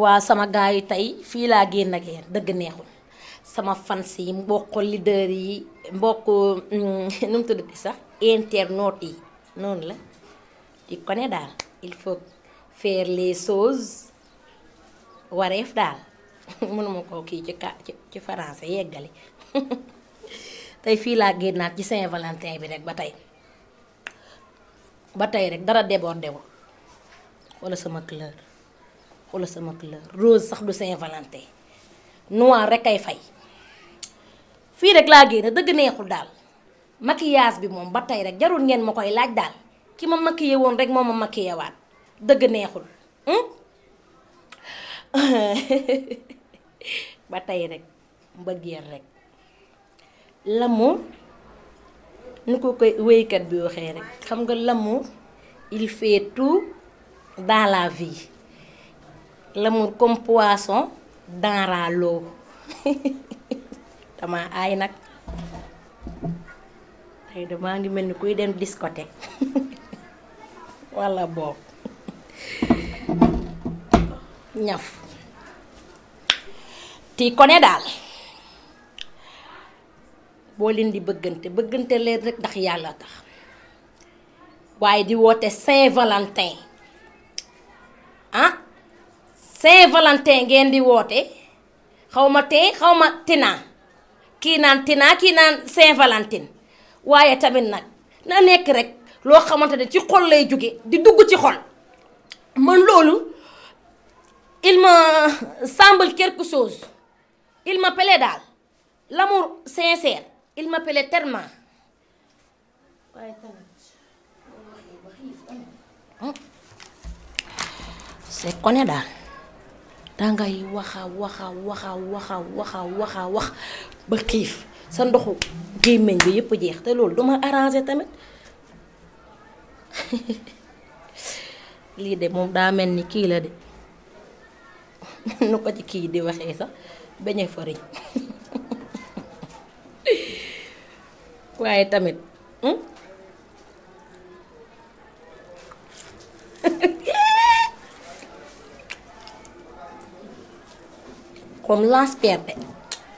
waa sama gars yi tey fii laa génn ak yéen dëgg neexul sama fans yi mbokk yi mbokk mm, nu mu tuddati sax internautes yi noonu la di kone daal il faut faire les choses wareef daal mënuma koo kii ci ka ci français yeggali tey fii laa génnaat ci Saint-Valentin bi rek ba tey ba tey rek dara débordé wul wala sama couleur xoolal sama couleur rose sax du Saint-Valentin noir rek ay fay fii rek laa génn dëgg neexul daal maquillage bi moom ba tey rek jarul ngeen ma koy laaj daal ki ma maquillé woon rek moo ma maquillé dëgg neexul hmm? ba tey rek mbëggeel rek l'amour nu ko koy wéykat bi waxee rek xam nga l'amour il fait tout dans la vie l'amour comme poisson dans l'eau dama nag tey damaa ngi mel ni kuy dem discothèque walla boob ñaf tii ko ne daal boo leen di bëggante bëggante leen rek ndax yàlla tax waaye di woote Saint-Valentin ah Saint Valentin ngeen di woté xawma té xawma tina ki nan tina ki Saint Valentin tamit nag na nek rek lo Il ne ci xol lay di dugg ci xol man il me semble quelque chose il m'appelait dal l'amour sincère il m'appelait tellement dangay waxa waxa waxa waxa waxa wax ba xiif sa ndoxu gémmiñ bi yépp jeex te loolu duma arrangé tamit lii de moom daa mel ni kii la de nu ko ci kii di waxee sax beñe fariñ waaye tamit hmm? comme lance pierre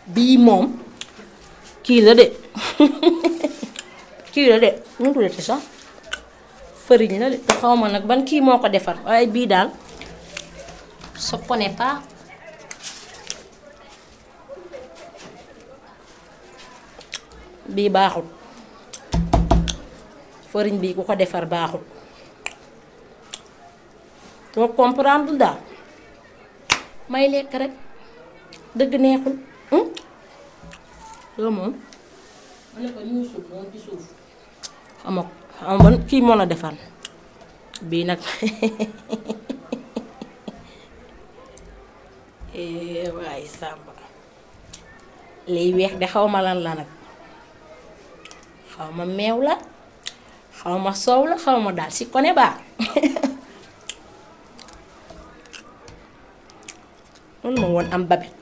bii moom kii la de kii la de nu mu tuddati sax fëriñ la de xaw ma nag ban kii moo ko defar waaye bii daal je connais pas bii baaxul fëriñ bii ku ko defar baaxul doo comprendre daal may lekk rek. dëgg neexul. loolu hmm? moom. ma ne ko kii moo la defar bii nag eh, waaye Samba liy weex de xaw ma lan la nag xaw ma meew la xaw ma soow la xaw ma daal si kone baa man ma woon am babet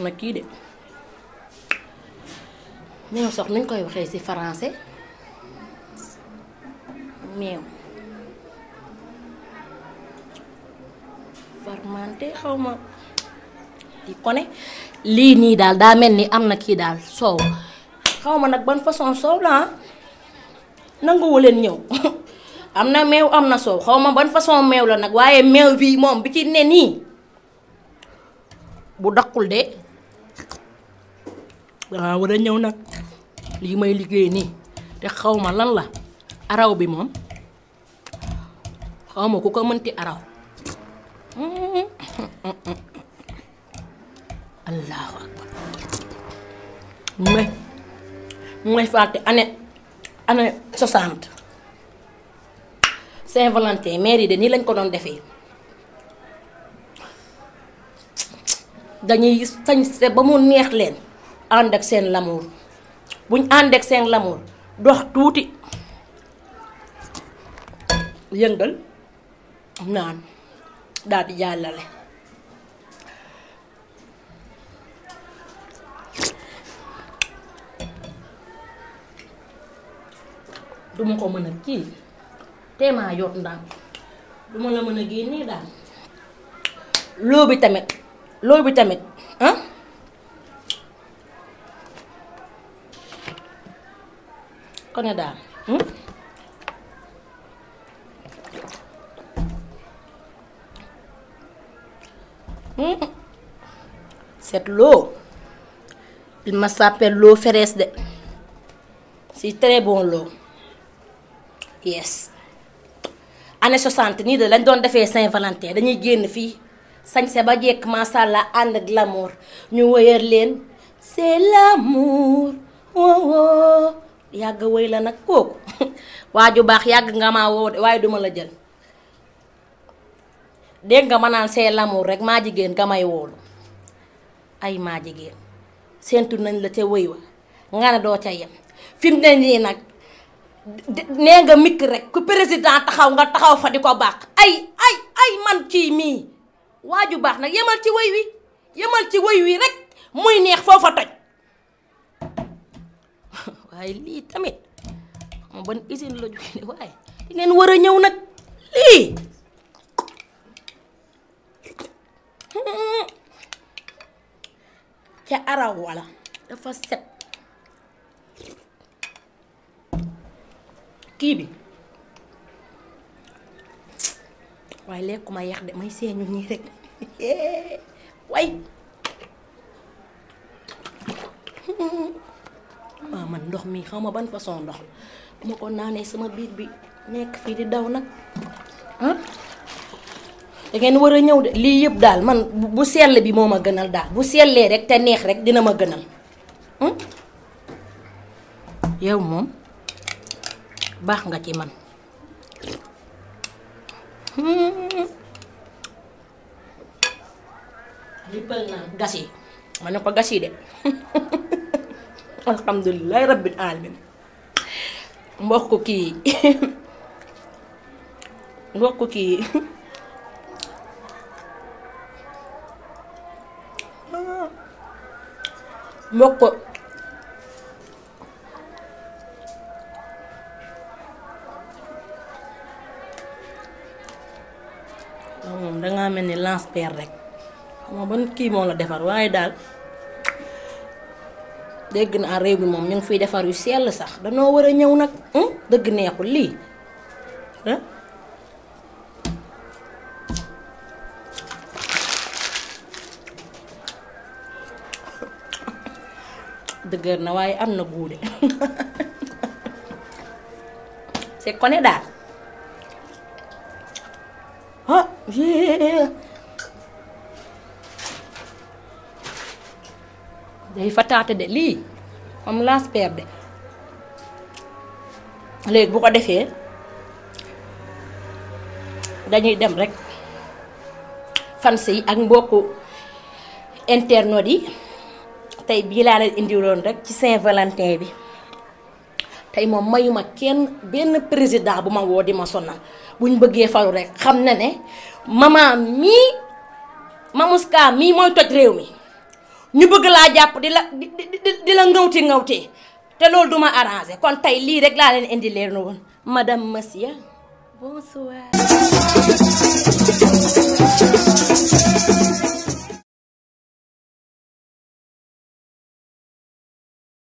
na kii de meew sox nuñ koy waxee ci faranse meew fermenté xaw ma di kone lii nii daal daa mel ni am na kii daal soow xaw ma nag ban façon soow la ah. nanguwu leen ñëw am na meew am na soow xaw ma ban façon meew la nag waaye meew bi moom bi ci ne nii bu daqul de dangaa war a ñëw nag lii may liggéey nii te xaw ma lan la araw bi moom xaw ma ku ko mënti araw allahu akbar may may fàtte année année soixante Saint-Valentin mairie de nii lañ ko doon defee dañuy sañse ba mu neex leen andak ak seen lamour buñ ànd ak seen lamour dox touti yeungal nan dal di jallale duma ko meuna ki tema yot ndam duma la meuna a tamit ah ko ne daan cette hmm? hmm? l'eau il me s'appelle de c'est très bon l'eau yes année 60 nii de lañ doon defee Saint-Valentin dañuy génn fii sañ sañse ba jekk macha allah ànd ak l'amour ñu wëyër leen c'est l'amour oh, oh. yàgg woy la nag kooku waa ju baax yàgg nga ma woo waaye duma la jël dégg nga ma naan see l'amour rek maa jigéen nga may woolu ay maa jigéen séentu nañ la ce wëy wa nga ne doo ca yem fi mu ne nii nag nee nga mikk rek ku président taxaw nga taxaw fa di ko baax ay ay ay man kii mii waa ju baax nag yemal ci woy wi yemal ci wëy wi rek muy neex foofu toj waaye lii tamit xam ban usine la waaye di ngeen war a ñëw nag lii ca araw wala dafa set kii bi waaye lekkuma yax de may seeñu ñii rek way waaw ah, man ndox mi xaw ma ban façon ndox ma ko naanee sama biir bi nekk fii di daw nag ah da ngeen war a ñëw de lii yëpp daal man bu sell bi moo ma gënal daal bu sellee rek te neex rek dina ma gënal yow moom baax nga ci man lippal na gas yi ma ne de alhamdulilah rabbil alamin mbokk kii mbokk kii ko moom dangaa mel ni lansper pierre rek xam nga ban kii moo la defar waaye daal dégg naa réew bi moom ñu ngi fiy defar yu sell sax danoo war a ñëw nag dëgg neexul lii dëgër na waaye am na guude c'est koné daal ah lii fataate de lii comme laspère de léegi bu ko defee dañuy dem rek fans ak mbokku internet yi tey bii laa la indiloon rek ci Saint-Valentin bi tey moom mayuma kenn benn président bu ma woo di ma sonal buñ bëggee falu rek xam na ne maman mii Mamouska mii mooy toj réew mi ñu bëgg laa jàpp di la di di la ngawti ngawti te loolu duma arrangé kon tey lii rek laa leen indi leer na woon madame monsieur bonsoir